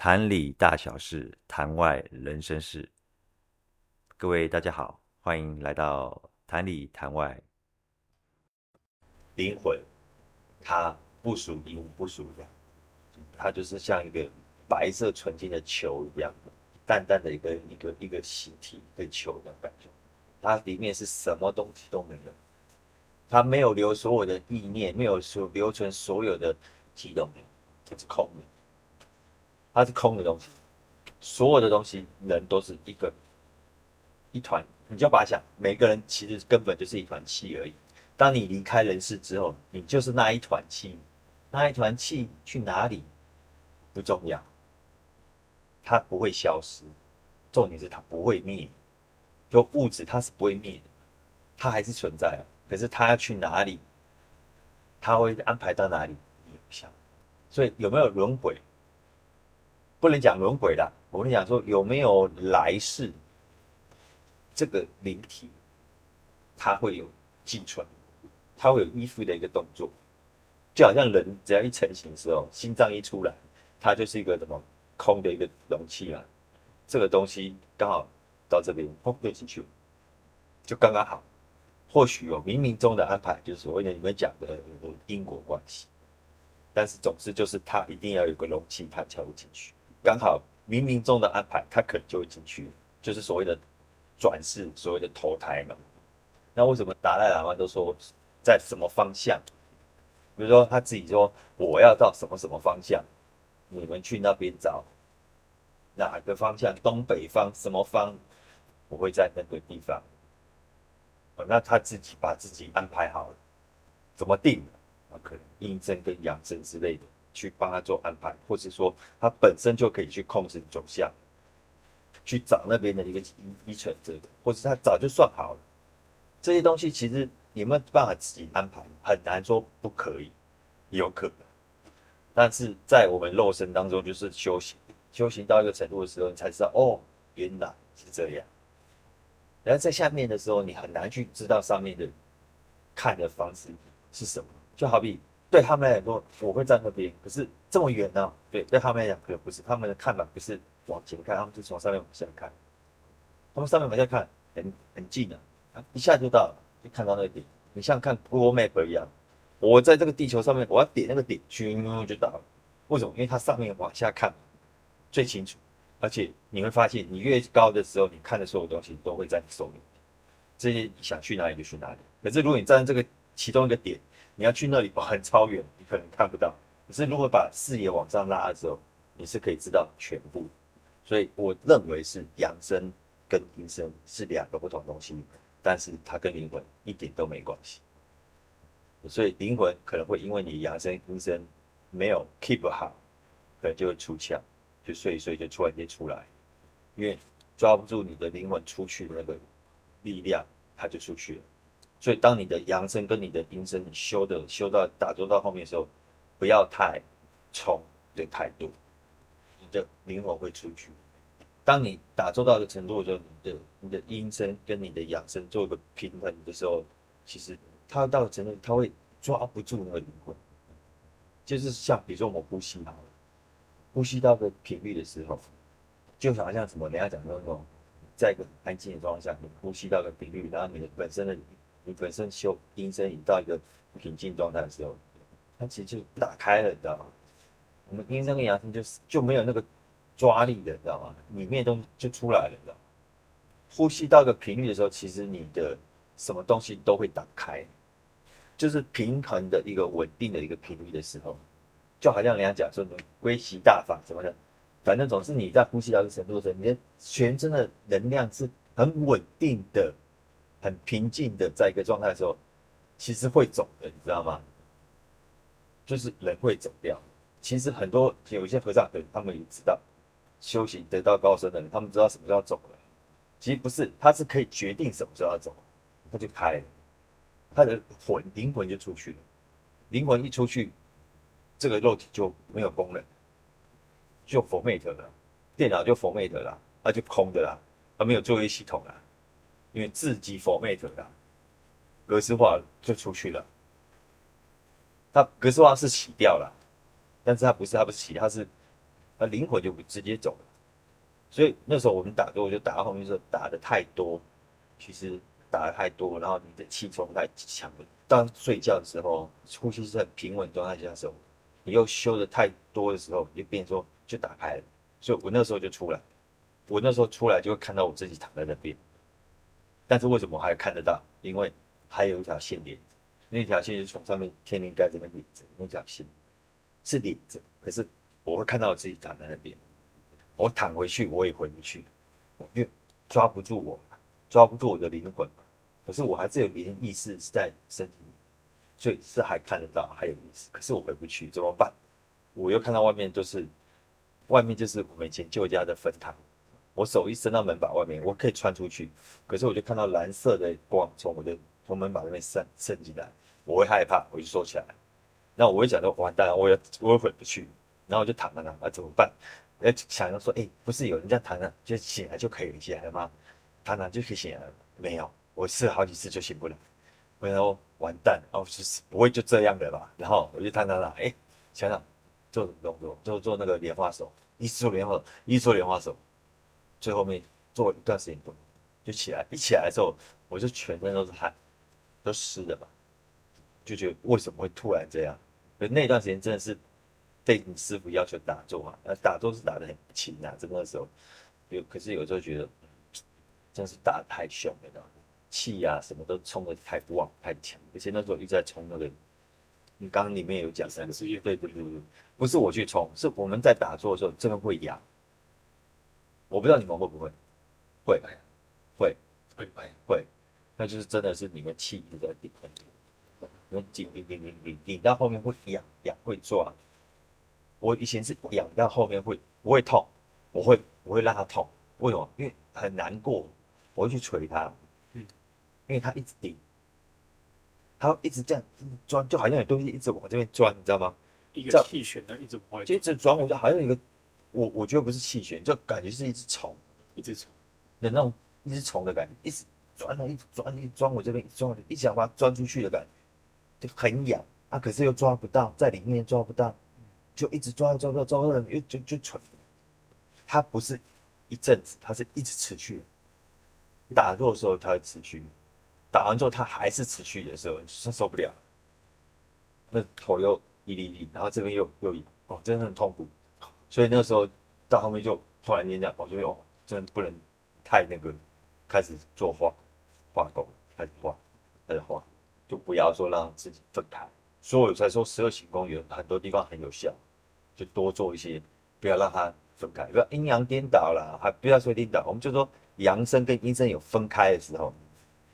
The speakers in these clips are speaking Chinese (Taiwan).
壇裡大小事，壇外人生事。各位大家好，歡迎來到壇裡壇外。靈魂，它不屬陰，不屬陽，它就是像一個白色純淨的球一樣的，淡淡的一個一個一個形體，一個球一樣的感覺。它裡面是什麼東西都沒有，它沒有留所有的意念，沒有留留存所有的體都沒有，它是空的。它是空的東西，所有的東西，人都是一個一團，你就把它想，每個人其實根本就是一團氣而已。當你離開人世之後，你就是那一團氣，那一團氣去哪裡不重要，它不會消失，重點是它不會滅，就物質它是不會滅的，它還是存在的，可是它要去哪裡，它會安排到哪裡，你也不曉得，所以有沒有輪回？不能講輪回了，我們講說有沒有來世？這個靈體，它會有寄存，它會有依附的一個動作，就好像人只要一成型的時候，心臟一出來，它就是一個什麼空的一個容器了。這個東西剛好到這邊，空、哦、對進去，就剛剛好。或許有冥冥中的安排，就是所謂的你們講的因果關係，但是總是就是它一定要有個容器，它才會進去。剛好冥冥中的安排，他可能就會進去，就是所謂的轉世，所謂的投胎嘛。那為什麼達賴喇嘛都說在什麼方向？比如說他自己說我要到什麼什麼方向，你們去那邊找哪個方向，東北方什麼方，我會在那個地方。那他自己把自己安排好了，怎麼定的？啊，可能陰針跟陽針之類的。去幫他做安排，或是說他本身就可以去控制走向，去找那邊的一個依存者，或是他早就算好了。這些東西其實你有沒有辦法自己安排？很難說不可以，有可能。但是在我們肉身當中，就是修行，修行、嗯、修行到一個程度的時候，你才知道哦，原來是這樣。然後在下面的時候，你很難去知道上面的看的方式是什麼，就好比。對他們來說，我會站那邊。可是這麼遠呢、啊？對，對他們來講，可不是他們的看板，不是往前看，他們就從上面往下看。他們上面往下看，很很近啊，一下就到了，就看到那個點。你像看 Google Map 一樣，我在這個地球上面，我要點那個點，去就到了。為什麼？因為它上面往下看嘛，最清楚。而且你會發現，你越高的時候，你看的所有東西都會在你手裡面。這些你想去哪裡就去哪裡。可是如果你站在這個其中一個點，你要去那裡、哦、很超遠，你可能看不到。可是如果把視野往上拉的時候，你是可以知道全部的。所以我認為是養生跟陰身是兩個不同的東西，但是它跟靈魂一點都沒關係。所以靈魂可能會因為你養生陰身沒有 keep 好，可能就會出竅，就睡一睡就突然間出來，因為抓不住你的靈魂出去的那個力量，它就出去了。所以，當你的陽身跟你的陰身修的修到打坐到後面的時候，不要太衝的態度，你的靈魂會出去。當你打坐到一個程度的時候，你的你的陰身跟你的陽身做一個平衡的時候，其實它到了程度，它會抓不住那個靈魂。就是像，比如說我們呼吸好了，呼吸到個頻率的時候，就好像什麼人家講那種，在一個很安靜的狀況下，你呼吸到個頻率，然後你的本身的。你本身修陰身，你到一個平靜狀態的時候，它其實就打開了，你知道嗎？我們陰身跟陽身就就沒有那個抓力的，你知道嗎？裡面都就出來了，你知道嗎？呼吸到一個頻率的時候，其實你的什麼東西都會打開，就是平衡的一個穩定的一個頻率的時候，就好像人家講說你龜息大法什麼的，反正總是你在呼吸到一個程度的時候，你的全身的能量是很穩定的。很平靜的在一個狀態的時候，其實會走的，你知道嗎？就是人會走掉。其實很多有一些和尚等，他們也知道，修行得到高深的人，他們知道什麼時候要走了。其實不是，他是可以決定什麼時候要走，他就開了，他的魂靈魂就出去了。靈魂一出去，這個肉體就沒有功能，就 format 了，電腦就 format 了，它、啊、就空的啦，它沒有作業系統啦。因為自己 format 了，格式化就出去了，它格式化是洗掉了，但是它不是它不洗，它是它靈魂就直接走了。所以那時候我們打多，我就打到後面說打的太多，其實打的太多，然後你的氣充太強了。當睡覺的時候，呼吸是很平穩狀態下的時候，你又修的太多的時候，你就變說就打開了。所以我那時候就出來，我那時候出來就會看到我自己躺在那邊。但是為什麼我還看得到？因為還有一條線連着，那條線是從上面天靈蓋這邊連着，那條線是連着。可是我會看到我自己躺在那邊，我躺回去我也回不去，我就抓不住我，抓不住我的靈魂。可是我還是有明顯意識是在身體裡，所以是還看得到，還有意識。可是我回不去，怎麼辦？我又看到外面就是，外面就是我們以前舅家的墳堂。我手一伸到門把外面，我可以穿出去，可是我就看到藍色的光從我的，從門把那邊滲滲進來，我會害怕，我就縮起來。那我一想到完蛋了，我要我要回不去，然後我就躺那了，啊，怎麼辦？哎，想要說，哎，欸，不是有人在躺了就醒來就可以醒來了嗎？躺躺就可以醒了？沒有，我試了好幾次就醒不了。然後我說完蛋了，我就是不會就這樣的吧？然後我就躺那了，哎，欸，想想，做什麼動作？就做，做，做，做那個蓮花手，一做蓮花，一做蓮花手。最後面坐了一段時間就起來，一起來的時候，我就全身都是汗，都濕的吧，就覺得為什麼會突然這樣？可那段時間真的是被你師傅要求打坐啊，打坐是打的很勤啊，真的那時候有，可是有時候覺得真的是打的太凶了，氣呀什麼都衝的太旺太強，而且那時候一直在衝那個，你剛剛裡面有講什麼？對,對對對對，不是我去衝，是我們在打坐的時候真的會癢。我不知道你們會不會，會，會，會，會，會，那就是真的是你們氣一直在頂，用勁頂頂頂頂到後面會癢癢會抓，我以前是癢到後面會不會痛，我會我會讓它痛，為什麼？因為很難過，我會去捶它，嗯，因為它一直頂，它會一直這樣一直鑽，就好像有東西一直往這邊鑽，你知道嗎？一個氣旋的一直往，一直鑽，我就好像一個。我我覺得不是氣旋，就感覺是一隻蟲，一隻蟲，的那種一隻蟲的感覺，一直鑽啊，一直鑽，一直鑽我這邊，一鑽，一想把它鑽出去的感覺，就很癢啊，可是又抓不到，在裡面抓不到，就一直抓到，抓到，抓，抓，又就就蠢，它不是一陣子，它是一直持續，打坐的時候它會持續，打完之後它還是持續的時候，他受不了，那頭又一粒粒，然後這邊又又一哦，真的很痛苦。所以那時候到後面就突然間講，這樣，我就有真的不能太那個開，開始做畫，畫狗，開始畫，開始畫，就不要說讓自己分開。所以我才說十二行公園很多地方很有效，就多做一些，不要讓它分開，不要陰陽顛倒了，還不要說顛倒，我們就說陽身跟陰身有分開的時候，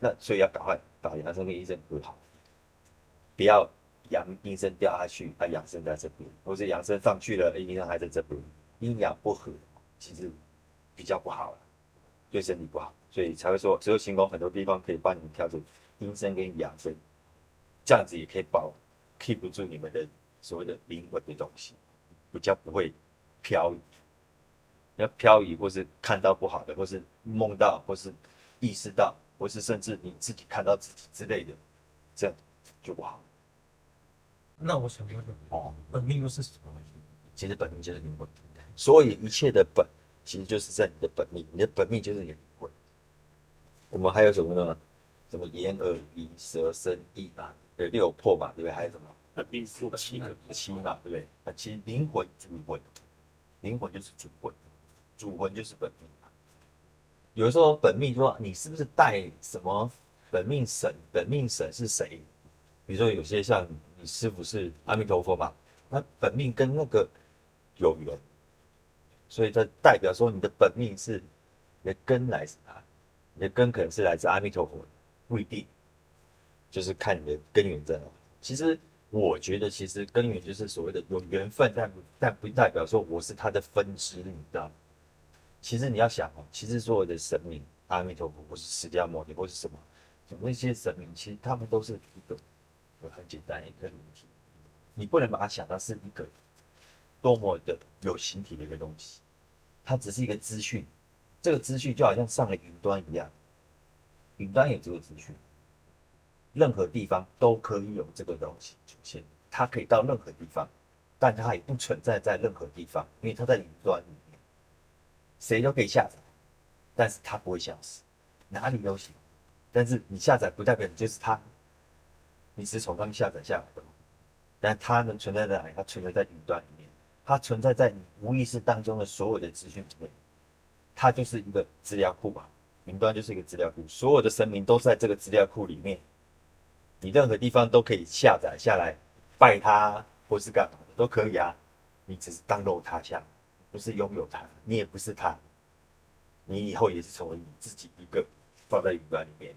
那所以要趕快把陽身跟陰身和好，不要。陽陰身掉下去，那陽身在這邊；或是陽身上去了，陰身還在這邊。陰陽不合，其實比較不好了，啊，對身體不好，所以才會說，所有星空很多地方可以幫你們調整陰身跟陽身，這樣子也可以保 keep 住你們的所謂的靈魂的東西，比較不會漂移。要漂移，或是看到不好的，或是夢到，或是意識到，或是甚至你自己看到自己之類的，這樣就不好。那我想問哦，本命又是什麼東西？其實本命就是靈魂，所以一切的本其實就是在你的本命，你的本命就是靈魂。我們還有什麼呢？什麼眼耳鼻舌身意啊，呃，六魄吧，對不對？還有什麼？本命是七個，七嘛，對不對？其實靈魂主魂，靈魂就是主魂，主魂，魂，魂就是本命。有的時候本命說，你是不是帶什麼本命神？本命神是誰？比如說有些像。是不是阿彌陀佛嗎？那本命跟那個有緣，所以它代表說你的本命是你的根來自他，你的根可能是來自阿彌陀佛，不一定，就是看你的根源在哪。其實我覺得，其實根源就是所謂的有緣分，但但不代表說我是他的分支，你知道嗎？其實你要想哦，其實所有的神明，阿彌陀佛，不是釋迦牟尼，或是什麼，那些神明，其實他們都是一個。很簡單一個問題，你不能把它想到是一個多麼的有形體的一個東西，它只是一個資訊，這個資訊就好像上了雲端一樣，雲端也只有資訊，任何地方都可以有這個東西出現，它可以到任何地方，但它也不存在在任何地方，因為它在雲端裡面，誰都可以下載，但是它不會消失，哪裡都行，但是你下載不代表你就是它。你是從上下載下來的，但它能存在在哪裡？它存在在雲端裡面，它存在在你無意識當中的所有的資訊裡面，它就是一個資料庫嘛，雲端就是一個資料庫，所有的生命都是在這個資料庫裡面，你任何地方都可以下載下來，拜它或是幹嘛都可以啊，你只是 download 他下來，不是擁有它，你也不是它，你以後也是成為你自己一個放在雲端裡面。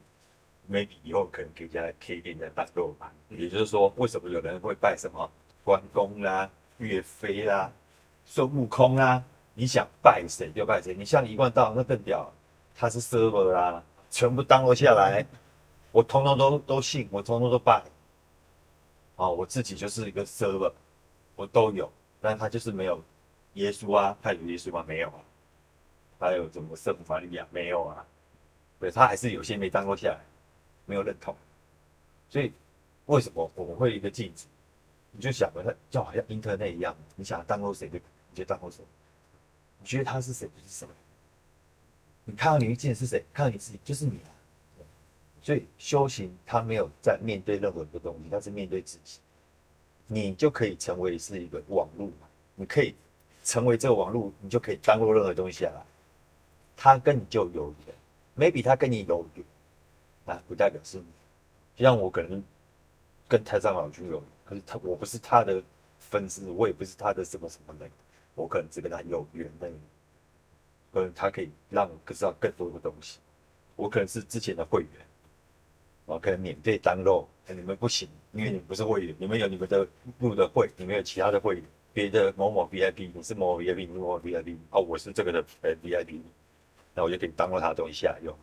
maybe 以後可能可以下點可以給我吧。也就是說，為什麼有人會拜什麼關公啦、啊、岳飛啦、啊、孫悟空啊？你想拜誰就拜誰。你像一貫道那更屌，他是 server 啦、啊，全部 download 下來、嗯，我統統都都信，我統統都拜。哦，我自己就是一個 server，我都有，但他就是沒有耶穌啊，太有耶穌有啊，有啊，沒有啊。他有什麼聖母瑪利亞沒有啊？對他還是有些沒 download 下來。沒有認同，所以為什麼我們會有一個鏡子？你就想把它就好像 internet 一樣，你想 download 誰就你就 download 誰，你覺得他是誰就是誰。你看到你鏡子是誰，看到你自己就是你啊。所以修行它沒有在面對任何一個東西，它是面對自己，你就可以成為是一個網路，你可以成為這個網路，你就可以 download 任何東西下來啊。他跟你就有緣，maybe 他跟你有緣。啊，不代表是，就像我可能跟太上老君有，可是他，我不是他的粉絲，我也不是他的什麼什麼人，我可能只跟他有緣分。可能他可以讓我可以知道更多的東西。我可能是之前的會員，我可能免費 download，欸，你們不行，因為你們不是會員，嗯，你們有你們的入的會，你們有其他的會員，別的某某 VIP，你是某某 VIP，你某某 VIP，你某某 VIP，哦，我是這個的呃 VIP，那我就可以當做他的東西來用。